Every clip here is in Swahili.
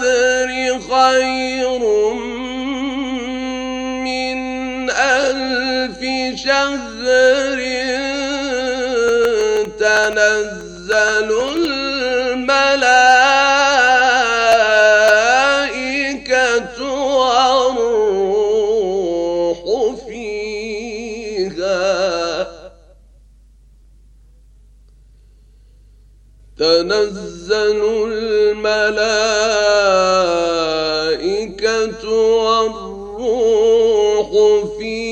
القبر خير في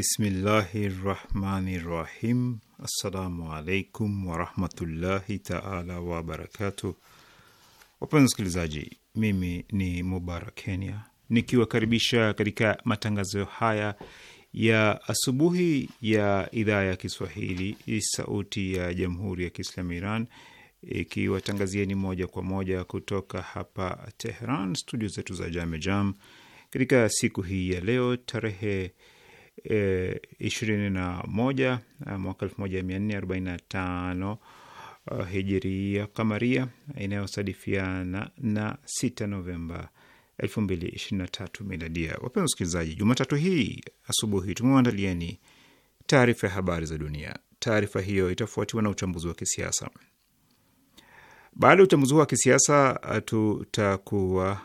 Bismillahi rahmani rahim. Assalamu alaikum warahmatullahi taala wabarakatuh. Wapenzi wasikilizaji, mimi ni Mubarak Kenya nikiwakaribisha katika matangazo haya ya asubuhi ya idhaa ya Kiswahili sauti ya jamhuri ya Kiislamu Iran ikiwatangazieni moja kwa moja kutoka hapa Tehran, studio zetu za Jamejam Jam, katika siku hii ya leo tarehe e, ishirini na moja eh, mwaka elfu moja mia nne arobaini na tano eh, hijiria kamaria inayosadifiana na 6 Novemba 2023 miladia. Wapenzi wasikilizaji, Jumatatu hii asubuhi tumewaandalieni taarifa ya habari za dunia. Taarifa hiyo itafuatiwa na uchambuzi wa kisiasa. Baada ya uchambuzi huo wa kisiasa, tutakuwa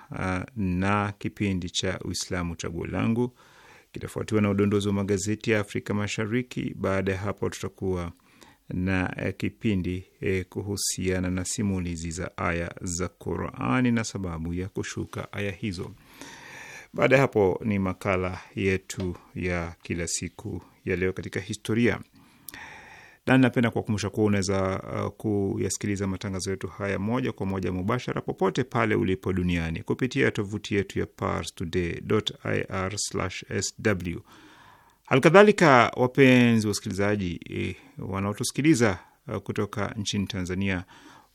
na kipindi cha Uislamu chaguo langu kitafuatiwa na udondozi wa magazeti ya Afrika Mashariki. Baada ya hapo, tutakuwa na eh, kipindi eh, kuhusiana na simulizi za aya za Qurani na sababu ya kushuka aya hizo. Baada ya hapo ni makala yetu ya kila siku ya leo katika historia na ninapenda kuwakumbusha kuwa unaweza uh, kuyasikiliza matangazo yetu haya moja kwa moja mubashara popote pale ulipo duniani kupitia tovuti yetu ya parstoday.ir/sw. Halikadhalika, wapenzi wasikilizaji eh, wanaotusikiliza uh, kutoka nchini Tanzania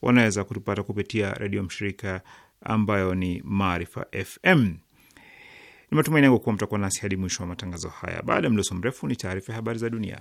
wanaweza kutupata kupitia redio mshirika ambayo ni Maarifa FM. Ni matumaini yangu kuwa mtakuwa nasi hadi mwisho wa matangazo haya. Baada ya mdoso mrefu, ni taarifa ya habari za dunia.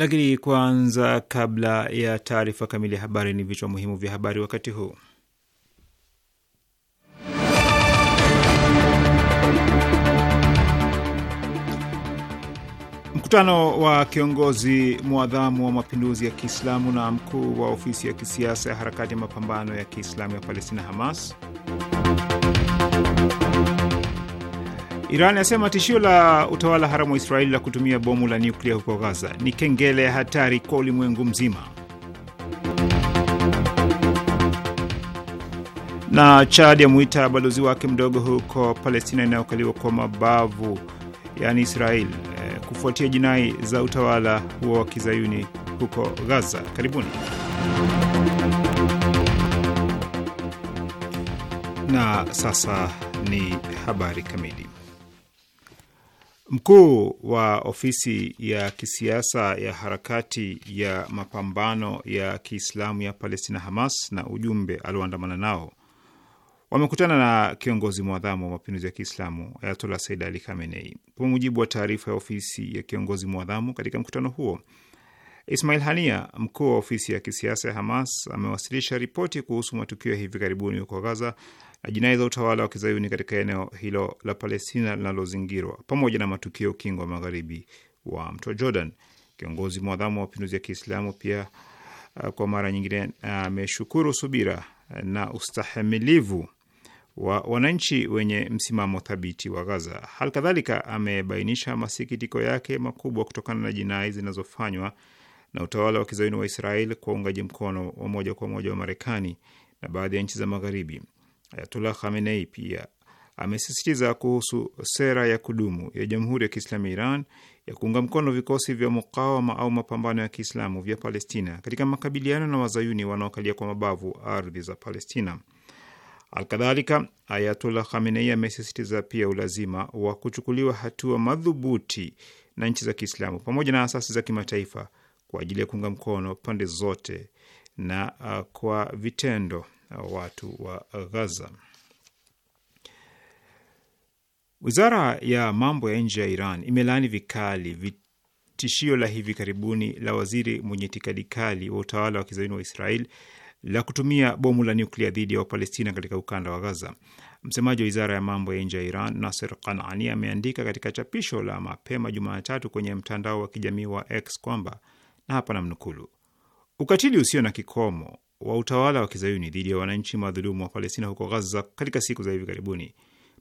Lakini kwanza, kabla ya taarifa kamili ya habari, ni vichwa muhimu vya habari wakati huu. Mkutano wa kiongozi mwadhamu wa mapinduzi ya Kiislamu na mkuu wa ofisi ya kisiasa ya harakati ya mapambano ya Kiislamu ya Palestina, Hamas Iran yasema tishio la utawala haramu wa Israeli la kutumia bomu la nyuklia huko Gaza ni kengele ya hatari kwa ulimwengu mzima. Na Chad yamwita balozi wake mdogo huko Palestina inayokaliwa kwa mabavu, yaani Israel, eh, kufuatia jinai za utawala huo wa kizayuni huko Gaza. Karibuni. Na sasa ni habari kamili. Mkuu wa ofisi ya kisiasa ya harakati ya mapambano ya Kiislamu ya Palestina Hamas na ujumbe alioandamana nao wamekutana na kiongozi mwadhamu wa mapinduzi ya Kiislamu Ayatola Said Ali Khamenei. Kwa mujibu wa taarifa ya ofisi ya kiongozi mwadhamu, katika mkutano huo Ismail Hania, mkuu wa ofisi ya kisiasa ya Hamas, amewasilisha ripoti kuhusu matukio ya hivi karibuni huko Gaza na jinai za utawala wa kizayuni katika eneo hilo la Palestina linalozingirwa pamoja na matukio ukingo wa magharibi wa mto Jordan. Kiongozi mwadhamu wa mapinduzi ya Kiislamu pia uh, kwa mara nyingine uh, ameshukuru subira na ustahimilivu wa wananchi wenye msimamo thabiti wa Gaza. Hali kadhalika amebainisha masikitiko yake makubwa kutokana na jinai zinazofanywa na utawala wa kizayuni wa Israel kwa uungaji mkono wa moja kwa moja wa Marekani na baadhi ya nchi za Magharibi. Ayatullah Khamenei pia amesisitiza kuhusu sera ya kudumu ya Jamhuri ya Kiislamu ya Iran ya kuunga mkono vikosi vya mukawama au mapambano ya Kiislamu vya Palestina katika makabiliano na wazayuni wanaokalia kwa mabavu ardhi za Palestina. Alkadhalika, Ayatullah Khamenei amesisitiza pia ulazima wa kuchukuliwa hatua madhubuti na nchi za Kiislamu pamoja na asasi za kimataifa kwa ajili ya kuunga mkono pande zote na uh, kwa vitendo watu wa gaza Wizara ya mambo ya nje ya Iran imelaani vikali tishio la hivi karibuni la waziri mwenye itikadi kali wa utawala wa kizayuni wa Israel la kutumia bomu la nyuklia dhidi ya Wapalestina katika ukanda wa Gaza. Msemaji wa wizara ya mambo ya nje ya Iran, Nasser Kanani, ameandika katika chapisho la mapema Jumatatu kwenye mtandao wa kijamii wa X kwamba na hapa namnukulu, ukatili usio na kikomo wa utawala wa kizayuni dhidi ya wananchi madhulumu wa Palestina huko Gaza katika siku za hivi karibuni,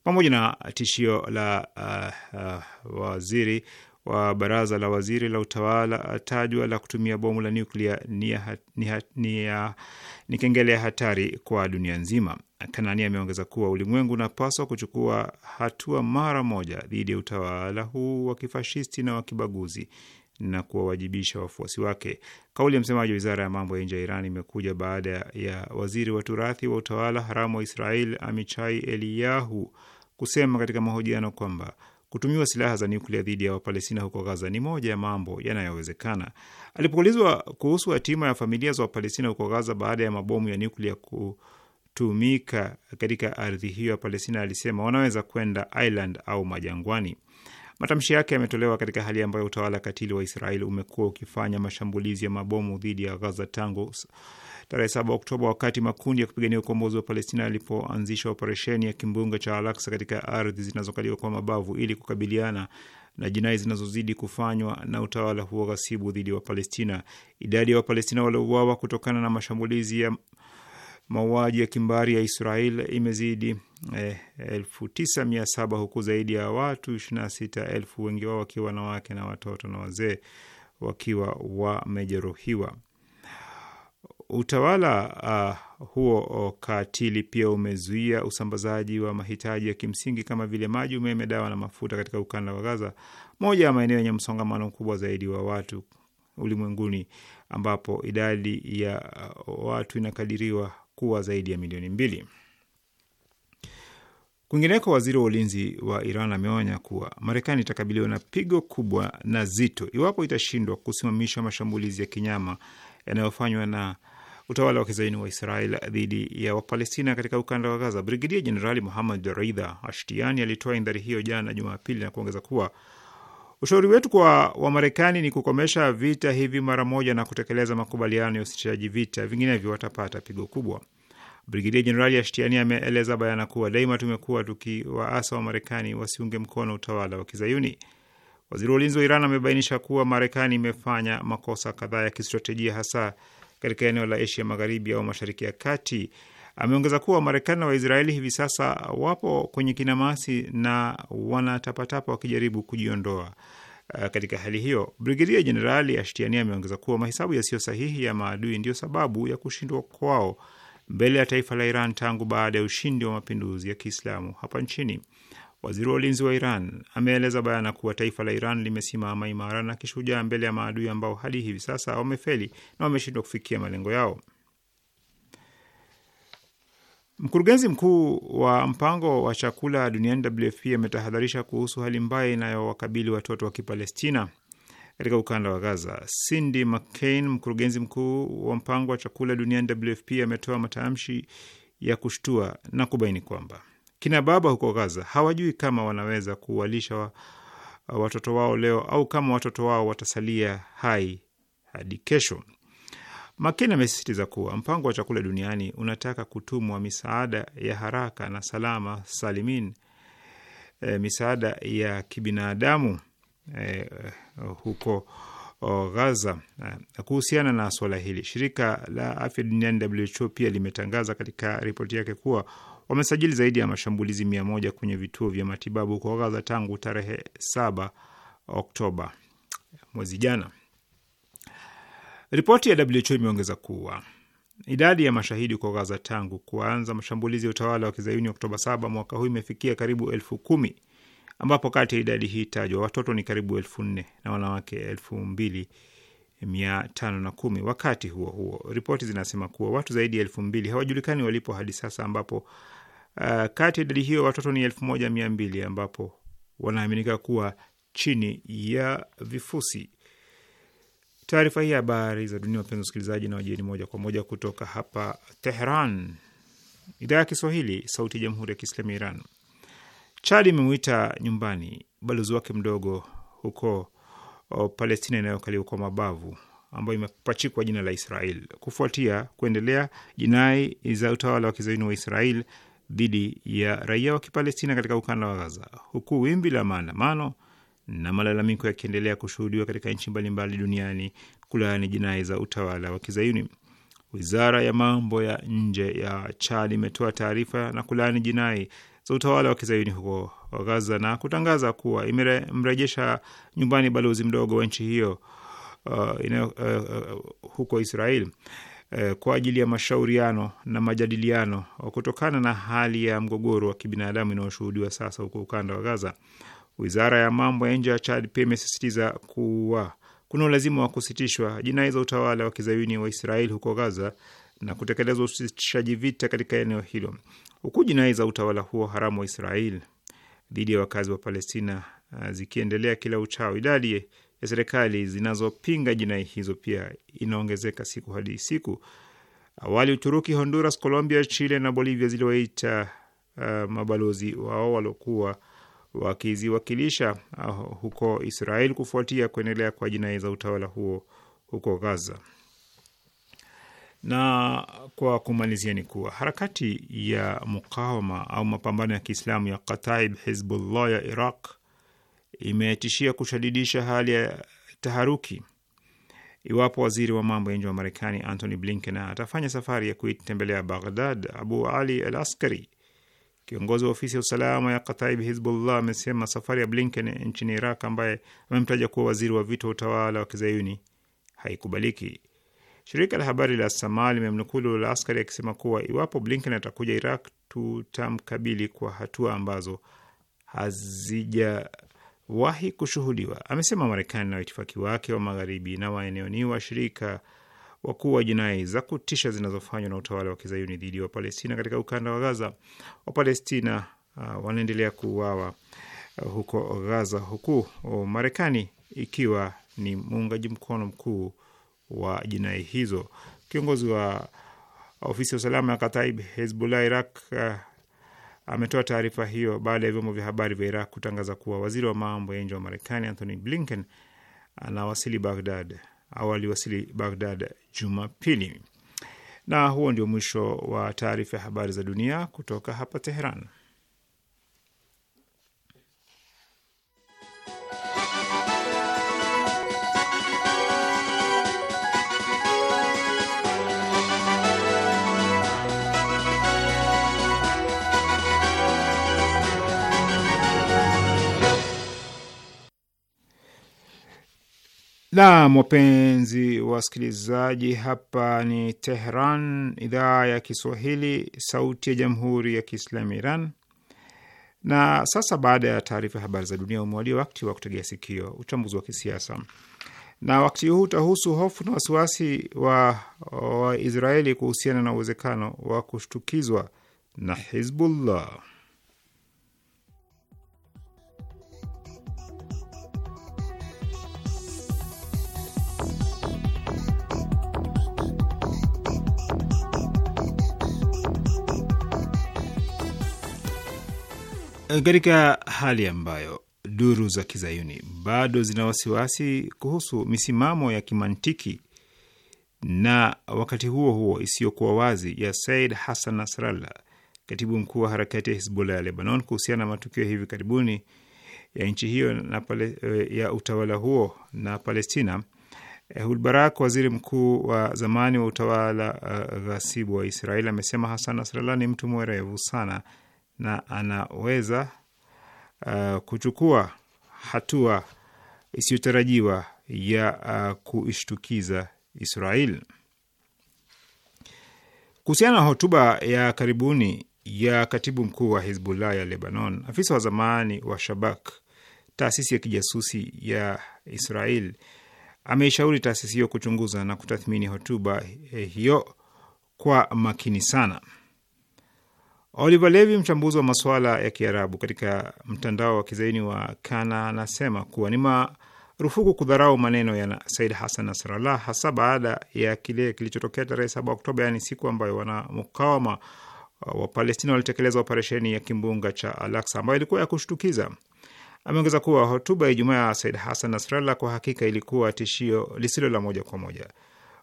pamoja na tishio la uh, uh, waziri wa baraza la waziri la utawala uh, tajwa la kutumia bomu la nuklia ni, ni, ni, ni kengele ya hatari kwa dunia nzima. Kanani ameongeza kuwa ulimwengu unapaswa kuchukua hatua mara moja dhidi ya utawala huu wa kifashisti na wa kibaguzi na kuwawajibisha wafuasi wake. Kauli ya msemaji wa wizara ya mambo ya nje ya Iran imekuja baada ya waziri wa turathi wa utawala haramu wa Israel Amichai Eliyahu kusema katika mahojiano kwamba kutumiwa silaha za nyuklia dhidi ya Wapalestina huko Gaza ni moja ya mambo yanayowezekana. Alipoulizwa kuhusu hatima ya familia za Wapalestina huko Gaza baada ya mabomu ya nyuklia kutumika katika ardhi hiyo ya Palestina, alisema wanaweza kwenda Ireland au majangwani. Matamshi yake yametolewa katika hali ambayo utawala katili wa Israeli umekuwa ukifanya mashambulizi ya mabomu dhidi ya Gaza tangu tarehe 7 Oktoba, wakati makundi ya kupigania ukombozi wa Palestina yalipoanzisha operesheni ya kimbunga cha alaksa katika ardhi zinazokaliwa kwa mabavu ili kukabiliana na jinai zinazozidi kufanywa na utawala huo ghasibu dhidi ya Wapalestina. Idadi ya Wapalestina waliouawa kutokana na mashambulizi ya mauaji ya kimbari ya Israel imezidi eh, elfu tisa mia saba huku zaidi ya watu ishirini na sita elfu wengi wao wakiwa wanawake na watoto na wazee wakiwa wamejeruhiwa. Utawala uh, huo oh, katili pia umezuia usambazaji wa mahitaji ya kimsingi kama vile maji, umeme, dawa na mafuta katika ukanda wa Gaza, moja ya maeneo yenye msongamano mkubwa zaidi wa watu ulimwenguni, ambapo idadi ya ah, watu inakadiriwa kuwa zaidi ya milioni mbili. Kwingineko, waziri wa ulinzi wa Iran ameonya kuwa Marekani itakabiliwa na pigo kubwa na zito iwapo itashindwa kusimamisha mashambulizi ya kinyama yanayofanywa na utawala wa kizaini wa Israel dhidi ya Wapalestina katika ukanda wa Gaza. Brigedia Jenerali Muhammad Reidha Ashtiani alitoa indhari hiyo jana Jumapili na kuongeza kuwa Ushauri wetu kwa Wamarekani ni kukomesha vita hivi mara moja na kutekeleza makubaliano ya usitishaji vita, vinginevyo watapata pigo kubwa. Brigedia Jenerali Ashtiani ameeleza bayana kuwa daima tumekuwa tukiwaasa Wamarekani wasiunge mkono utawala wa Kizayuni. Waziri wa ulinzi wa Iran amebainisha kuwa Marekani imefanya makosa kadhaa ya kistratejia, hasa katika eneo la Asia Magharibi au Mashariki ya Kati Ameongeza kuwa Wamarekani na Waisraeli hivi sasa wapo kwenye kinamasi na wanatapatapa wakijaribu kujiondoa uh, katika hali hiyo. Brigedia Jenerali Ashtiani ameongeza kuwa mahesabu yasiyo sahihi ya maadui ndiyo sababu ya kushindwa kwao mbele ya taifa la Iran tangu baada ya ushindi wa mapinduzi ya Kiislamu hapa nchini. Waziri wa ulinzi wa Iran ameeleza bayana kuwa taifa la Iran limesimama imara na kishujaa mbele ya maadui ambao hadi hivi sasa wamefeli na wameshindwa kufikia malengo yao. Mkurugenzi mkuu wa mpango wa chakula duniani WFP ametahadharisha kuhusu hali mbaya inayowakabili watoto wa Kipalestina katika ukanda wa Gaza. Cindy McCain, mkurugenzi mkuu wa mpango wa chakula duniani WFP, ametoa matamshi ya kushtua na kubaini kwamba kina baba huko Gaza hawajui kama wanaweza kuwalisha watoto wao leo au kama watoto wao watasalia hai hadi kesho makini amesisitiza kuwa mpango wa chakula duniani unataka kutumwa misaada ya haraka na salama salimin, e, misaada ya kibinadamu e, huko o oh, Gaza. Eh, kuhusiana na suala hili, shirika la afya duniani WHO pia limetangaza katika ripoti yake kuwa wamesajili zaidi ya mashambulizi mia moja kwenye vituo vya matibabu huko Gaza tangu tarehe 7 Oktoba mwezi jana. Ripoti ya WHO imeongeza kuwa idadi ya mashahidi kwa Gaza tangu kuanza mashambulizi ya utawala wa kizayuni Oktoba 7 mwaka huu imefikia karibu elfu kumi ambapo kati ya idadi hii tajwa watoto ni karibu elfu nne na wanawake elfu mbili mia tano na kumi. Wakati huo huo, ripoti zinasema kuwa watu zaidi ya elfu mbili hawajulikani walipo hadi sasa, ambapo uh, kati ya idadi hiyo watoto ni elfu moja mia mbili ambapo wanaaminika kuwa chini ya vifusi. Taarifa hii ya habari za dunia, wapenzi wasikilizaji, na wajieni moja kwa moja kutoka hapa Tehran, idhaa ya Kiswahili, sauti ya jamhuri ya kiislamu ya Iran. Chad imemwita nyumbani balozi wake mdogo huko Palestina inayokaliwa kwa mabavu ambayo imepachikwa jina la Israel kufuatia kuendelea jinai za utawala wa kizaini wa Israel dhidi ya raia wa Kipalestina katika ukanda wa Gaza, huku wimbi la maandamano na malalamiko yakiendelea kushuhudiwa katika nchi mbalimbali duniani kulaani jinai za utawala wa Kizayuni. Wizara ya mambo ya nje ya Chad imetoa taarifa na kulaani jinai za utawala wa Kizayuni huko Gaza na kutangaza kuwa imemrejesha nyumbani balozi mdogo wa nchi hiyo uh, ina, uh, uh, huko Israel uh, kwa ajili ya mashauriano na majadiliano kutokana na hali ya mgogoro wa kibinadamu inayoshuhudiwa sasa huko ukanda wa Gaza. Wizara ya mambo ya nje ya Chad pia imesisitiza kuwa kuna ulazima wa kusitishwa jinai za utawala wa kizayuni wa Israeli huko Gaza na kutekelezwa usitishaji vita katika eneo hilo, huku jinai za utawala huo haramu wa Israeli dhidi ya wakazi wa Palestina uh, zikiendelea kila uchao. Idadi ya serikali zinazopinga jinai hizo pia inaongezeka siku hadi siku. Awali Uturuki, Honduras, Colombia, Chile na Bolivia ziliwaita uh, mabalozi wao waliokuwa wakiziwakilisha uh, huko Israel kufuatia kuendelea kwa jinai za utawala huo huko Gaza. Na kwa kumalizia ni kuwa harakati ya mukawama au mapambano ya Kiislamu ya Kataib Hizbullah ya Iraq imetishia kushadidisha hali ya taharuki iwapo waziri wa mambo ya nje wa Marekani Antony Blinken atafanya safari ya kuitembelea Baghdad. Abu Ali al Askari Kiongozi wa ofisi ya usalama ya Kataib Hizbullah amesema safari ya Blinken nchini Iraq, ambaye amemtaja kuwa waziri wa vita wa utawala wa kizayuni haikubaliki. Shirika la habari la Sama limemnukulu la askari akisema kuwa iwapo Blinken atakuja Iraq, tutamkabili kwa hatua ambazo hazijawahi kushuhudiwa. Amesema Marekani na waitifaki wake wa magharibi na waeneo ni washirika wakuu wa jinai za kutisha zinazofanywa na utawala wa kizayuni dhidi ya Wapalestina katika ukanda wa Gaza. Wapalestina uh, wanaendelea kuuawa uh, huko Gaza, huku uh, Marekani ikiwa ni muungaji mkono mkuu wa jinai hizo. Kiongozi wa ofisi ya usalama ya Kataib Hezbollah Iraq uh, ametoa taarifa hiyo baada ya vyombo vya habari vya Iraq kutangaza kuwa waziri wa mambo ya nje wa Marekani Anthony Blinken anawasili Baghdad aliwasili Baghdad Jumapili. Na huo ndio mwisho wa taarifa ya habari za dunia kutoka hapa Teheran. na wapenzi wasikilizaji, hapa ni Tehran, idhaa ya Kiswahili, sauti ya jamhuri ya kiislamu Iran. Na sasa baada ya taarifa ya habari za dunia, umewadia wakati wa kutegea sikio uchambuzi wa kisiasa, na wakati huu utahusu hofu na wasiwasi wa Waisraeli kuhusiana na uwezekano wa kushtukizwa na Hizbullah. katika hali ambayo duru za kizayuni bado zina wasiwasi kuhusu misimamo ya kimantiki na wakati huo huo isiyokuwa wazi ya Said Hassan Nasrallah, katibu mkuu wa harakati ya Hizbullah ya Lebanon, kuhusiana na matukio hivi karibuni ya nchi hiyo na pale, eh, ya utawala huo na Palestina. Hulbarak, eh, waziri mkuu wa zamani wa utawala uh, ghasibu wa Israeli, amesema Hassan Nasrallah ni mtu mwerevu sana na anaweza uh, kuchukua hatua isiyotarajiwa ya uh, kuishtukiza Israel. Kuhusiana na hotuba ya karibuni ya katibu mkuu wa Hizbullah ya Lebanon, afisa wa zamani wa Shabak, taasisi ya kijasusi ya Israel, ameishauri taasisi hiyo kuchunguza na kutathmini hotuba eh, hiyo kwa makini sana. Oliver Levi, mchambuzi wa masuala ya Kiarabu katika mtandao wa kizaini wa Kana, anasema kuwa ni marufuku kudharau maneno ya Said Hassan Nasrallah, hasa baada ya kile kilichotokea tarehe 7 Oktoba, yaani siku ambayo wanamukawama wa Palestina walitekeleza operesheni ya kimbunga cha Al-Aqsa ambayo ilikuwa ya kushtukiza. Ameongeza kuwa hotuba ya Ijumaa ya Said Hassan Nasrallah kwa hakika ilikuwa tishio lisilo la moja kwa moja.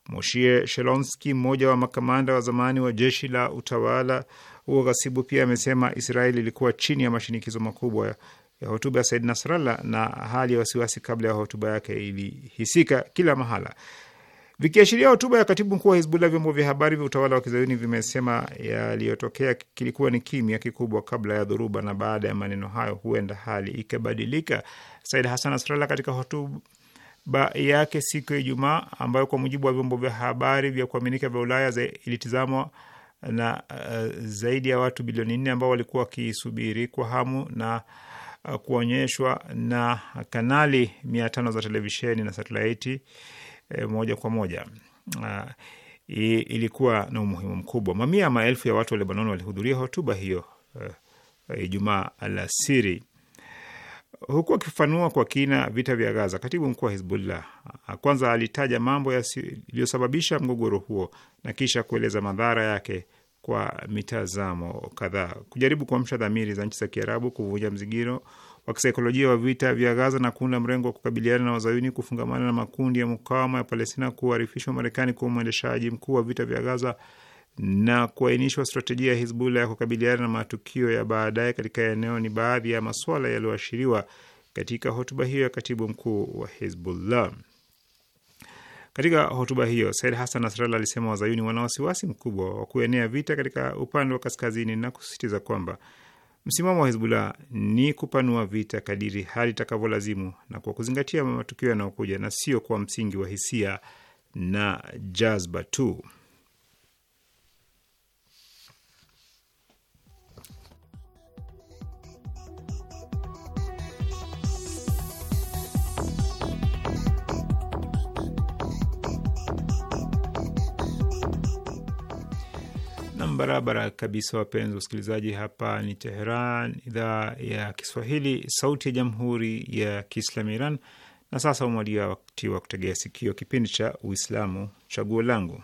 Moshie Shelonski, mmoja wa makamanda wa zamani wa jeshi la utawala huo ghasibu. Pia amesema Israeli ilikuwa chini ya mashinikizo makubwa ya hotuba ya Said Nasrallah na hali ya wasiwasi kabla ya hotuba yake ilihisika kila mahala, vikiashiria hotuba ya katibu mkuu wa Hizbullah. Vyombo vya habari vya utawala wa kizayuni vimesema yaliyotokea kilikuwa ni kimya kikubwa kabla ya dhoruba, na baada ya maneno hayo huenda hali ikabadilika. Said Hassan Nasrallah katika hotuba ba yake siku ya Ijumaa ambayo kwa mujibu wa vyombo vya habari vya kuaminika vya Ulaya ilitizamwa na uh, zaidi ya watu bilioni nne ambao walikuwa wakisubiri kwa hamu na uh, kuonyeshwa na kanali mia tano za televisheni na satelaiti eh, moja kwa moja uh, ilikuwa na umuhimu mkubwa. Mamia ya maelfu ya watu wa Lebanon walihudhuria hotuba hiyo eh, Ijumaa uh, alasiri huku akifafanua kwa kina vita vya Gaza, katibu mkuu wa Hizbullah kwanza alitaja mambo yaliyosababisha mgogoro huo na kisha kueleza madhara yake kwa mitazamo kadhaa. Kujaribu kuamsha dhamiri za nchi za Kiarabu, kuvunja mzingiro wa kisaikolojia wa vita vya Gaza na kuunda mrengo wa kukabiliana na wazayuni, kufungamana na makundi ya mukawama ya Palestina, kuarifishwa Marekani kuwa mwendeshaji mkuu wa vita vya Gaza na kuainishwa stratejia ya Hizbullah ya kukabiliana na matukio ya baadaye katika eneo ni baadhi ya masuala yaliyoashiriwa katika hotuba hiyo ya katibu mkuu wa Hizbullah. Katika hotuba hiyo, Said Hassan Nasrallah alisema wazayuni wana wasiwasi mkubwa wa kuenea vita katika upande wa kaskazini na kusisitiza kwamba msimamo wa Hizbullah ni kupanua vita kadiri hali itakavyolazimu na kwa kuzingatia matukio yanayokuja na sio kwa msingi wa hisia na jazba tu. barabara kabisa, wapenzi wasikilizaji. Hapa ni Teheran, idhaa ya Kiswahili, sauti ya jamhuri ya kiislamu Iran. Na sasa umewadia wakati wa kutegea sikio kipindi cha Uislamu chaguo langu.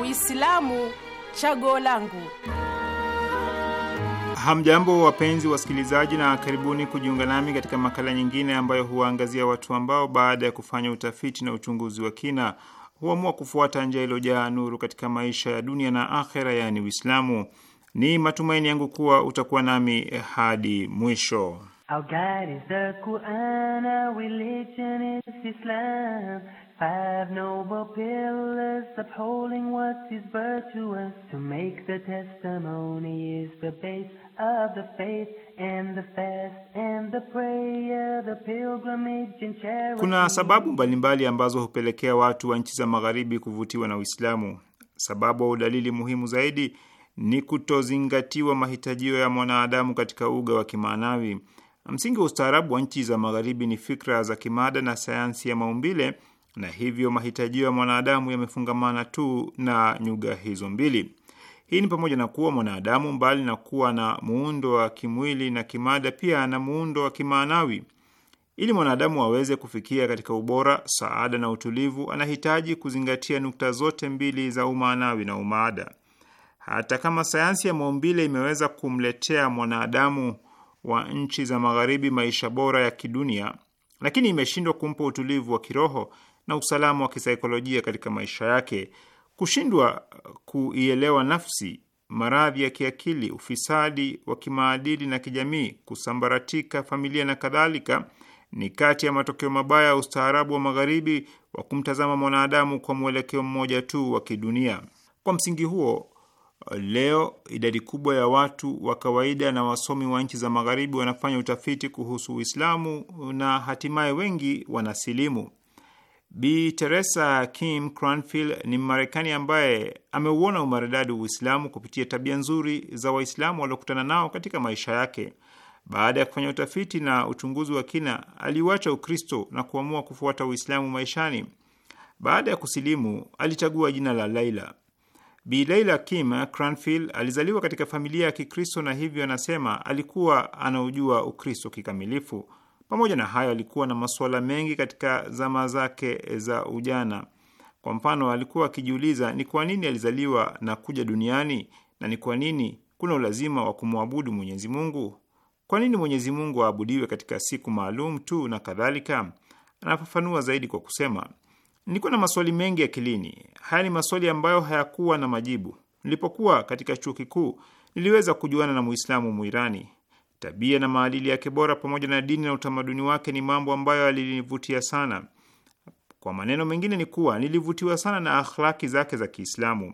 Uislamu chaguo langu. Hamjambo, wapenzi wasikilizaji, na karibuni kujiunga nami katika makala nyingine ambayo huwaangazia watu ambao baada ya kufanya utafiti na uchunguzi wa kina huamua kufuata njia iliyojaa nuru katika maisha ya dunia na akhera, yaani Uislamu. Ni matumaini yangu kuwa utakuwa nami hadi mwisho of the faith and the fast and the prayer, the pilgrimage and charity. Kuna sababu mbalimbali ambazo hupelekea watu wa nchi za magharibi kuvutiwa na Uislamu. Sababu au dalili muhimu zaidi ni kutozingatiwa mahitajio ya mwanadamu katika uga wa kimaanawi. Msingi wa ustaarabu wa nchi za magharibi ni fikra za kimaada na sayansi ya maumbile, na hivyo mahitajio ya mwanadamu yamefungamana tu na nyuga hizo mbili. Hii ni pamoja na kuwa mwanadamu, mbali na kuwa na muundo wa kimwili na kimaada, pia ana muundo wa kimaanawi. Ili mwanadamu aweze kufikia katika ubora, saada na utulivu, anahitaji kuzingatia nukta zote mbili za umaanawi na umaada. Hata kama sayansi ya maumbile imeweza kumletea mwanadamu wa nchi za magharibi maisha bora ya kidunia, lakini imeshindwa kumpa utulivu wa kiroho na usalama wa kisaikolojia katika maisha yake. Kushindwa kuielewa nafsi, maradhi ya kiakili, ufisadi wa kimaadili na kijamii, kusambaratika familia na kadhalika ni kati ya matokeo mabaya ya ustaarabu wa Magharibi wa kumtazama mwanadamu kwa mwelekeo mmoja tu wa kidunia. Kwa msingi huo, leo idadi kubwa ya watu wa kawaida na wasomi wa nchi za Magharibi wanafanya utafiti kuhusu Uislamu na hatimaye wengi wanasilimu. Bi Teresa Kim Cranfield ni Mmarekani ambaye ameuona umaridadi wa Uislamu kupitia tabia nzuri za Waislamu waliokutana nao katika maisha yake. Baada ya kufanya utafiti na uchunguzi wa kina, aliuacha Ukristo na kuamua kufuata Uislamu maishani. Baada ya kusilimu, alichagua jina la Laila. Bi Laila Kim Cranfield alizaliwa katika familia ya Kikristo na hivyo anasema alikuwa anaujua Ukristo kikamilifu. Pamoja na hayo, alikuwa na masuala mengi katika zama zake za ujana. Kwa mfano, alikuwa akijiuliza ni kwa nini alizaliwa na kuja duniani na ni kwa nini kuna ulazima wa kumwabudu Mwenyezi Mungu. Kwa nini Mwenyezi Mungu aabudiwe katika siku maalum tu na kadhalika? Anafafanua zaidi kwa kusema, nilikuwa na maswali mengi akilini. Haya ni maswali ambayo hayakuwa na majibu. Nilipokuwa katika chuo kikuu, niliweza kujuana na Muislamu Mwirani Tabia na maadili yake bora pamoja na dini na utamaduni wake ni mambo ambayo alinivutia sana. Kwa maneno mengine ni kuwa nilivutiwa sana na akhlaki zake za Kiislamu.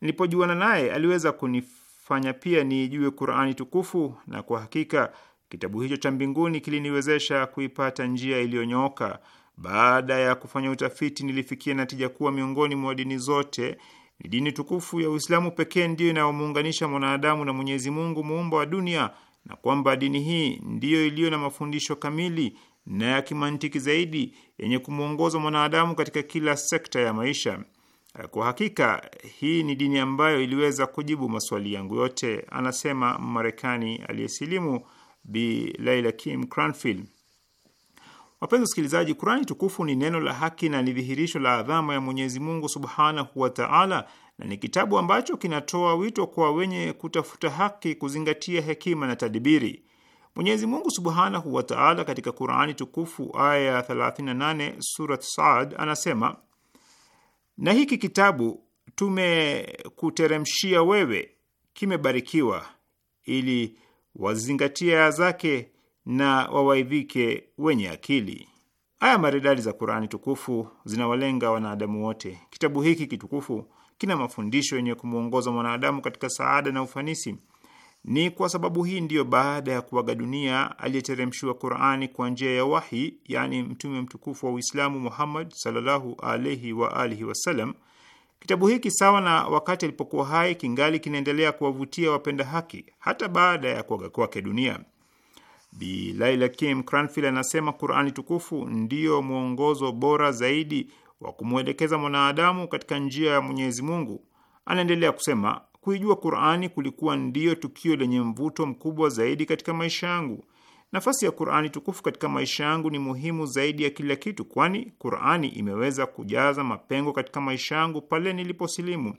Nilipojuana naye, aliweza kunifanya pia niijue Qurani tukufu, na kwa hakika kitabu hicho cha mbinguni kiliniwezesha kuipata njia iliyonyooka. Baada ya kufanya utafiti, nilifikia natija kuwa miongoni mwa dini zote ni dini tukufu ya Uislamu pekee ndiyo inayomuunganisha mwanadamu na Mwenyezi Mungu muumba wa dunia na kwamba dini hii ndiyo iliyo na mafundisho kamili na ya kimantiki zaidi yenye kumwongoza mwanadamu katika kila sekta ya maisha. Kwa hakika hii ni dini ambayo iliweza kujibu maswali yangu yote, anasema marekani aliyesilimu Bi Laila Kim Cranfield. Wapenzi wasikilizaji, Kurani tukufu ni neno la haki na ni dhihirisho la adhama ya Mwenyezi Mungu subhanahu wa taala na ni kitabu ambacho kinatoa wito kwa wenye kutafuta haki kuzingatia hekima na tadibiri. Mwenyezi Mungu subhanahu wa taala katika Qurani tukufu aya ya 38 Surat Saad anasema, na hiki kitabu tumekuteremshia wewe, kimebarikiwa ili wazingatia zake na wawaidhike wenye akili. Aya maridadi za Qurani tukufu zinawalenga wanadamu wote. Kitabu hiki kitukufu kina mafundisho yenye kumwongoza mwanadamu katika saada na ufanisi. Ni kwa sababu hii ndiyo baada ya kuaga dunia aliyeteremshiwa Qurani kwa njia ya wahi, yaani Mtume mtukufu wa Uislamu Muhammad sallallahu alaihi wa alihi wasallam. Kitabu hiki sawa na wakati alipokuwa hai, kingali kinaendelea kuwavutia wapenda haki hata baada ya kuaga kwake dunia. Bi Laila Kim Cranfield anasema Qurani tukufu ndiyo mwongozo bora zaidi wa kumwelekeza mwanadamu katika njia ya Mwenyezi Mungu. Anaendelea kusema, kuijua Qur'ani kulikuwa ndiyo tukio lenye mvuto mkubwa zaidi katika maisha yangu. Nafasi ya Qur'ani tukufu katika maisha yangu ni muhimu zaidi ya kila kitu, kwani Qur'ani imeweza kujaza mapengo katika maisha yangu pale niliposilimu.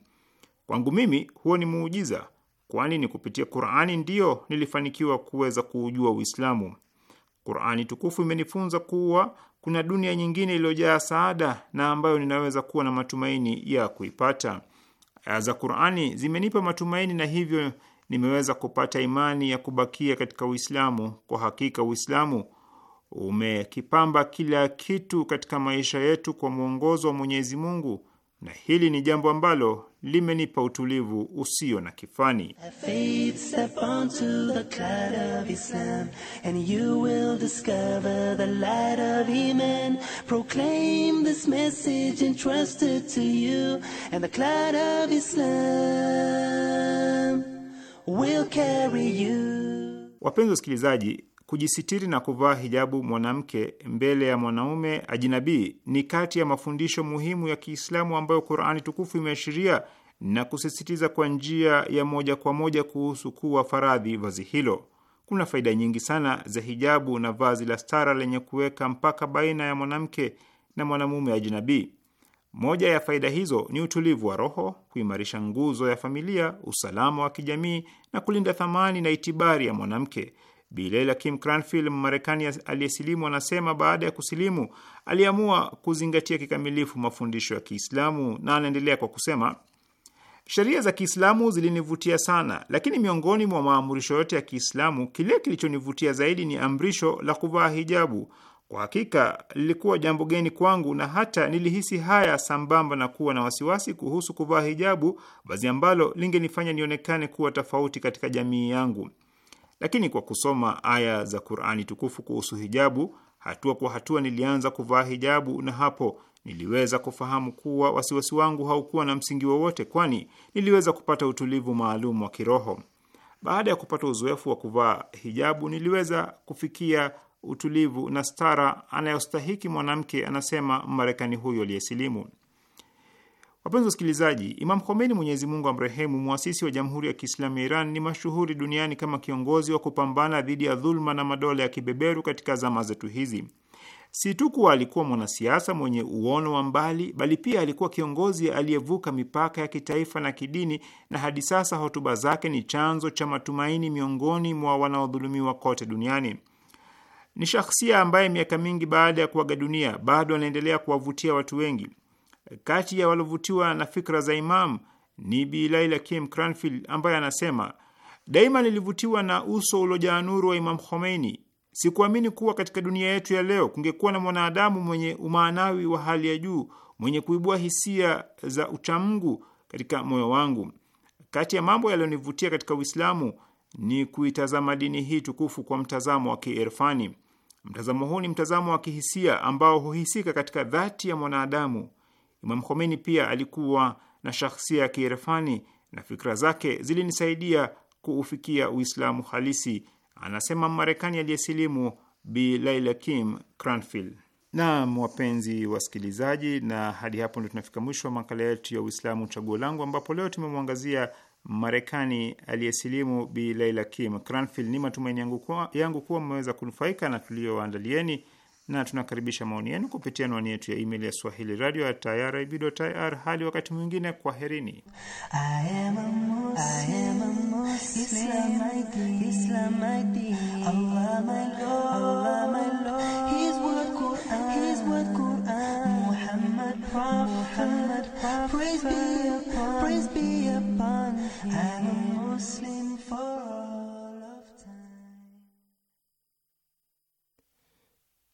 Kwangu mimi huo ni muujiza, kwani ni kupitia Qur'ani ndiyo nilifanikiwa kuweza kuujua Uislamu. Qur'ani tukufu imenifunza kuwa kuna dunia nyingine iliyojaa saada na ambayo ninaweza kuwa na matumaini ya kuipata. Aya za Qurani zimenipa matumaini na hivyo nimeweza kupata imani ya kubakia katika Uislamu. Kwa hakika Uislamu umekipamba kila kitu katika maisha yetu kwa mwongozo wa Mwenyezi Mungu, na hili ni jambo ambalo limenipa utulivu usio na kifani. Wapenzi wasikilizaji, kujisitiri na kuvaa hijabu mwanamke mbele ya mwanaume ajinabii ni kati ya mafundisho muhimu ya Kiislamu ambayo Qurani tukufu imeashiria na kusisitiza kwa njia ya moja kwa moja kuhusu kuwa faradhi vazi hilo. Kuna faida nyingi sana za hijabu na vazi la stara lenye kuweka mpaka baina ya mwanamke na mwanamume ajinabii. Moja ya faida hizo ni utulivu wa roho, kuimarisha nguzo ya familia, usalama wa kijamii na kulinda thamani na itibari ya mwanamke. Bi Leila Kim Cranfield, Mmarekani aliyesilimu, anasema baada ya kusilimu aliamua kuzingatia kikamilifu mafundisho ya Kiislamu na anaendelea kwa kusema, sheria za Kiislamu zilinivutia sana, lakini miongoni mwa maamurisho yote ya Kiislamu, kile kilichonivutia zaidi ni amrisho la kuvaa hijabu. Kwa hakika lilikuwa jambo geni kwangu, na hata nilihisi haya sambamba na kuwa na wasiwasi kuhusu kuvaa hijabu, vazi ambalo lingenifanya nionekane kuwa tofauti katika jamii yangu. Lakini kwa kusoma aya za Qur'ani tukufu kuhusu hijabu, hatua kwa hatua nilianza kuvaa hijabu, na hapo niliweza kufahamu kuwa wasiwasi wangu haukuwa na msingi wowote, kwani niliweza kupata utulivu maalum wa kiroho. Baada ya kupata uzoefu wa kuvaa hijabu, niliweza kufikia utulivu na stara anayostahiki mwanamke, anasema marekani huyo aliyesilimu. Wapenzi wasikilizaji, Imam Khomeini, Mwenyezi Mungu amrehemu, mwasisi wa Jamhuri ya Kiislamu ya Iran, ni mashuhuri duniani kama kiongozi wa kupambana dhidi ya dhuluma na madola ya kibeberu katika zama zetu hizi. Si tu kuwa alikuwa mwanasiasa mwenye uono wa mbali, bali pia alikuwa kiongozi aliyevuka mipaka ya kitaifa na kidini, na hadi sasa hotuba zake ni chanzo cha matumaini miongoni mwa wanaodhulumiwa kote duniani. Ni shakhsia ambaye miaka mingi baada ya kuaga dunia bado anaendelea kuwavutia watu wengi. Kati ya waliovutiwa na fikra za Imam ni Bi Laila Kim Cranfield ambaye anasema daima nilivutiwa na uso uliojaa nuru wa Imam Khomeini. Sikuamini kuwa katika dunia yetu ya leo kungekuwa na mwanadamu mwenye umaanawi wa hali ya juu, mwenye kuibua hisia za uchamgu katika moyo wangu. Kati ya mambo yaliyonivutia katika Uislamu ni kuitazama dini hii tukufu kwa mtazamo wa kierfani. Mtazamo huu ni mtazamo wa kihisia ambao huhisika katika dhati ya mwanadamu Imam Khomeini pia alikuwa na shakhsia ya kiirfani na fikra zake zilinisaidia kuufikia Uislamu halisi, anasema Marekani aliyesilimu Bi Laila Kim Cranfield. Naam, wapenzi wasikilizaji, na hadi hapo ndio tunafika mwisho wa makala yetu ya Uislamu Chaguo Langu, ambapo leo tumemwangazia Marekani aliyesilimu Bi Laila Kim Cranfield. Ni matumaini yangu kuwa mmeweza kunufaika na tuliowaandalieni na tunakaribisha maoni yenu kupitia anwani yetu ya email ya swahili radio at irib.ir. wakati mwingine, kwaherini.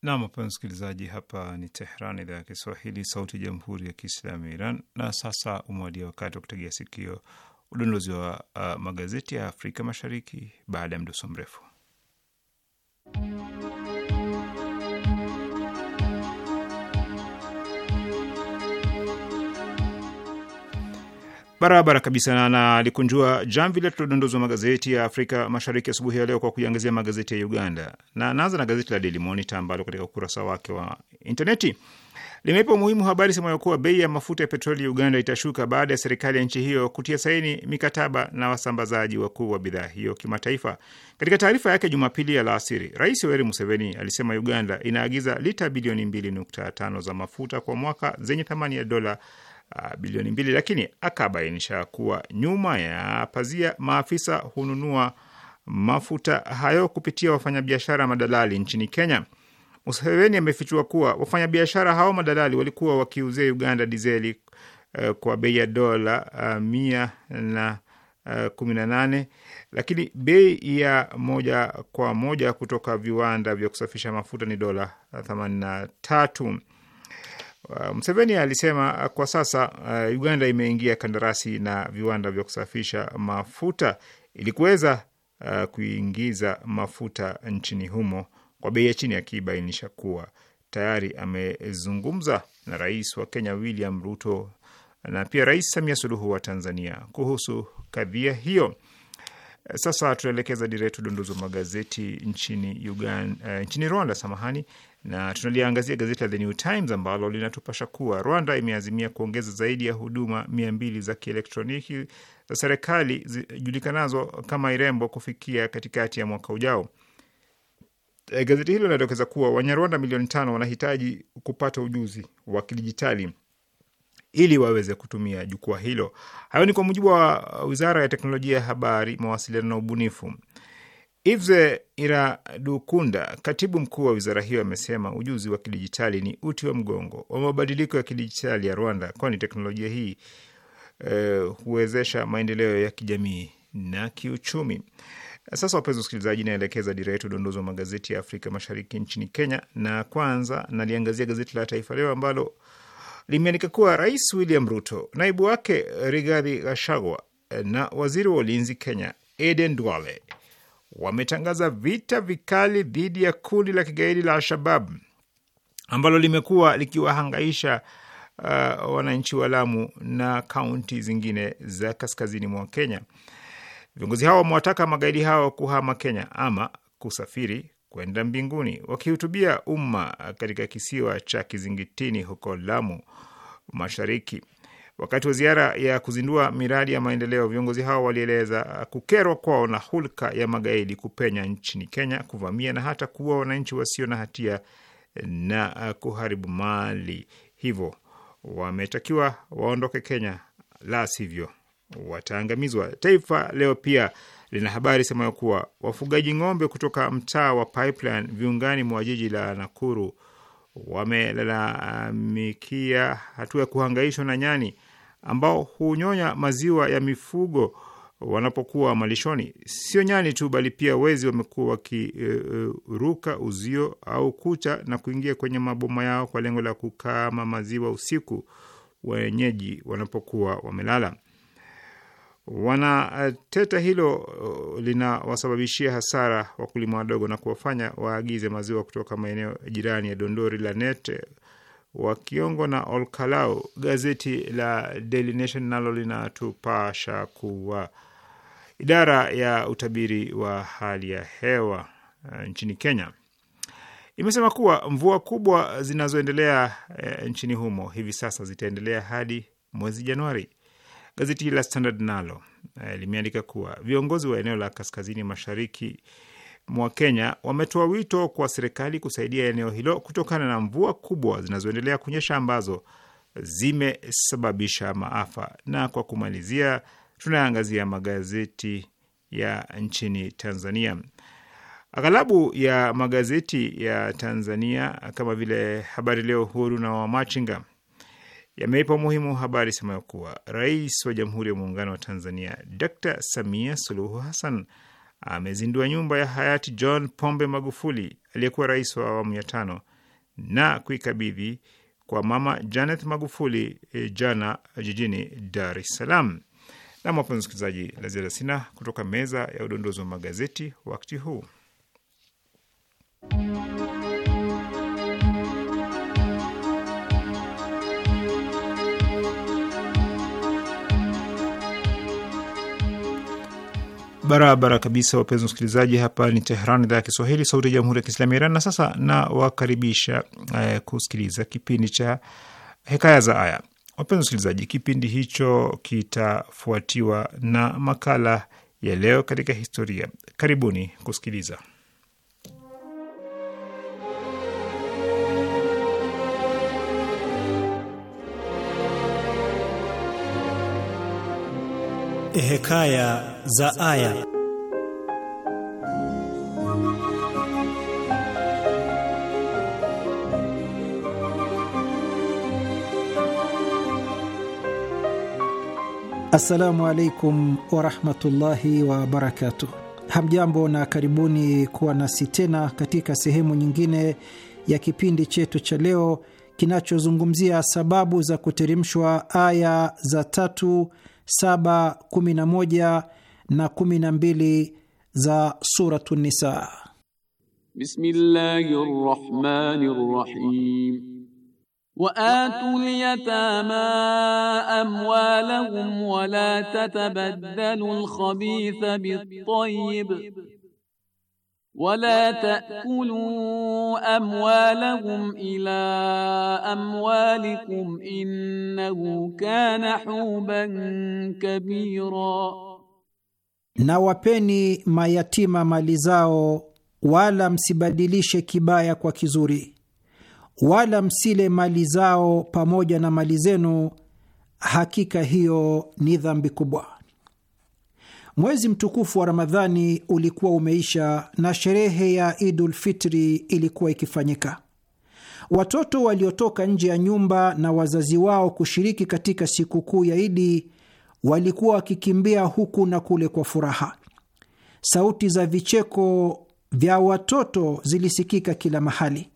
Nam, wapenzi msikilizaji, hapa ni Tehran, idhaa ya Kiswahili, sauti ya jamhuri ya kiislamu ya Iran. Na sasa umewadia wakati wa kutegea sikio udondozi wa uh, magazeti ya Afrika Mashariki baada ya mdoso mrefu. barabara kabisa, na alikunjua jamvi letu magazeti ya Afrika Mashariki asubuhi ya leo kwa kuiangazia magazeti ya Uganda, na naanza na gazeti la Daily Monitor ambalo katika ukurasa wake wa intaneti limeipa umuhimu habari semayo kuwa bei ya mafuta ya petroli ya Uganda itashuka baada ya serikali ya nchi hiyo kutia saini mikataba na wasambazaji wakuu wa bidhaa hiyo kimataifa. Katika taarifa yake Jumapili ya laasiri, Rais Yoweri Museveni alisema Uganda inaagiza lita bilioni 2.5 za mafuta kwa mwaka zenye thamani ya dola Uh, bilioni mbili, lakini akabainisha kuwa nyuma ya pazia maafisa hununua mafuta hayo kupitia wafanyabiashara madalali nchini Kenya. Museveni amefichua kuwa wafanyabiashara hao madalali walikuwa wakiuzia Uganda dizeli uh, kwa bei ya dola uh, mia na uh, kumi na nane, lakini bei ya moja kwa moja kutoka viwanda vya kusafisha mafuta ni dola themanini na tatu. Uh, Mseveni alisema uh, kwa sasa uh, Uganda imeingia kandarasi na viwanda vya kusafisha mafuta ili kuweza uh, kuingiza mafuta nchini humo kwa bei ya chini, akibainisha kuwa tayari amezungumza na rais wa Kenya William Ruto na pia Rais Samia Suluhu wa Tanzania kuhusu kadhia hiyo. Sasa tunaelekeza dira yetu magazeti nchini Uganda, uh, nchini Rwanda samahani, na tunaliangazia gazeti la The New Times ambalo linatupasha kuwa Rwanda imeazimia kuongeza zaidi ya huduma mia mbili za kielektroniki za serikali zijulikanazo kama Irembo kufikia katikati ya mwaka ujao. Eh, gazeti hilo linadokeza kuwa Wanyarwanda milioni tano wanahitaji kupata ujuzi wa kidijitali ili waweze kutumia jukwaa hilo. Hayo ni kwa mujibu wa Wizara ya Teknolojia ya Habari, Mawasiliano na Ubunifu. Yves Iradukunda, katibu mkuu wa wizara hiyo, amesema ujuzi wa kidijitali ni uti wa mgongo wa mabadiliko ya kidijitali ya Rwanda, kwani teknolojia hii eh, huwezesha maendeleo ya kijamii na kiuchumi. Sasa wapenzi wasikilizaji, naelekeza dira yetu udondozi wa magazeti ya Afrika Mashariki nchini Kenya, na kwanza naliangazia gazeti la Taifa Leo ambalo limeandika kuwa Rais William Ruto, naibu wake Rigathi Gachagua eh, na waziri wa ulinzi Kenya Aden Duale wametangaza vita vikali dhidi ya kundi la kigaidi la Al-Shabab ambalo limekuwa likiwahangaisha uh, wananchi wa Lamu na kaunti zingine za kaskazini mwa Kenya. Viongozi hao wamewataka magaidi hao kuhama Kenya ama kusafiri kwenda mbinguni. Wakihutubia umma katika kisiwa cha Kizingitini huko Lamu Mashariki, Wakati wa ziara ya kuzindua miradi ya maendeleo, viongozi hao walieleza kukerwa kwao na hulka ya magaidi kupenya nchini Kenya, kuvamia na hata kuua wananchi wasio na hatia na kuharibu mali. Hivyo wametakiwa waondoke Kenya, la sivyo wataangamizwa. Taifa Leo pia lina habari semayo kuwa wafugaji ng'ombe kutoka mtaa wa Pipeline viungani mwa jiji la Nakuru wamelalamikia hatua ya kuhangaishwa na nyani ambao hunyonya maziwa ya mifugo wanapokuwa malishoni. Sio nyani tu, bali pia wezi wamekuwa wakiruka uh, uzio au kuta na kuingia kwenye maboma yao kwa lengo la kukama maziwa usiku wenyeji wanapokuwa wamelala. Wanateta hilo uh, linawasababishia hasara wakulima wadogo na kuwafanya waagize maziwa kutoka maeneo jirani ya dondori la nete Wakiongo na Olkalau. Gazeti la Daily Nation nalo linatupasha kuwa idara ya utabiri wa hali ya hewa eh, nchini Kenya imesema kuwa mvua kubwa zinazoendelea e, nchini humo hivi sasa zitaendelea hadi mwezi Januari. Gazeti la Standard nalo e, limeandika kuwa viongozi wa eneo la kaskazini mashariki mwa Kenya wametoa wito kwa serikali kusaidia eneo hilo kutokana na mvua kubwa zinazoendelea kunyesha ambazo zimesababisha maafa. Na kwa kumalizia, tunaangazia magazeti ya nchini Tanzania. Aghalabu ya magazeti ya Tanzania kama vile Habari Leo, Uhuru na Wamachinga yameipa umuhimu habari semayo kuwa Rais wa Jamhuri ya Muungano wa Tanzania Dr Samia Suluhu Hassan amezindua nyumba ya hayati John Pombe Magufuli aliyekuwa rais wa awamu ya tano na kuikabidhi kwa Mama janeth Magufuli e, jana jijini Dar es Salaam. Na wapenzi msikilizaji, la ziada sina kutoka meza ya udondozi wa magazeti wakati huu. barabara kabisa, wapenzi msikilizaji, hapa ni Tehran, idhaa ya Kiswahili, sauti ya jamhuri ya kiislamu ya Iran. Na sasa nawakaribisha eh, kusikiliza kipindi cha hekaya za aya. Wapenzi msikilizaji, kipindi hicho kitafuatiwa na makala ya leo katika historia. Karibuni kusikiliza. E Hekaya za Aya. Assalamu alaikum warahmatullahi wabarakatuh. Hamjambo na karibuni kuwa nasi tena katika sehemu nyingine ya kipindi chetu cha leo kinachozungumzia sababu za kuteremshwa aya za tatu 7, 11 na 12 za Suratu Nisa. Bismillahir Rahmanir Rahim. Wa atul yatama amwalahum wa la tatabaddalu al-khabitha bit-tayyib wala taakulu amwalahum ila amwalikum innahu kana huban kabira, na wapeni mayatima mali zao, wala msibadilishe kibaya kwa kizuri, wala msile mali zao pamoja na mali zenu, hakika hiyo ni dhambi kubwa. Mwezi mtukufu wa Ramadhani ulikuwa umeisha na sherehe ya Idul Fitri ilikuwa ikifanyika. Watoto waliotoka nje ya nyumba na wazazi wao kushiriki katika sikukuu ya Idi walikuwa wakikimbia huku na kule kwa furaha. Sauti za vicheko vya watoto zilisikika kila mahali.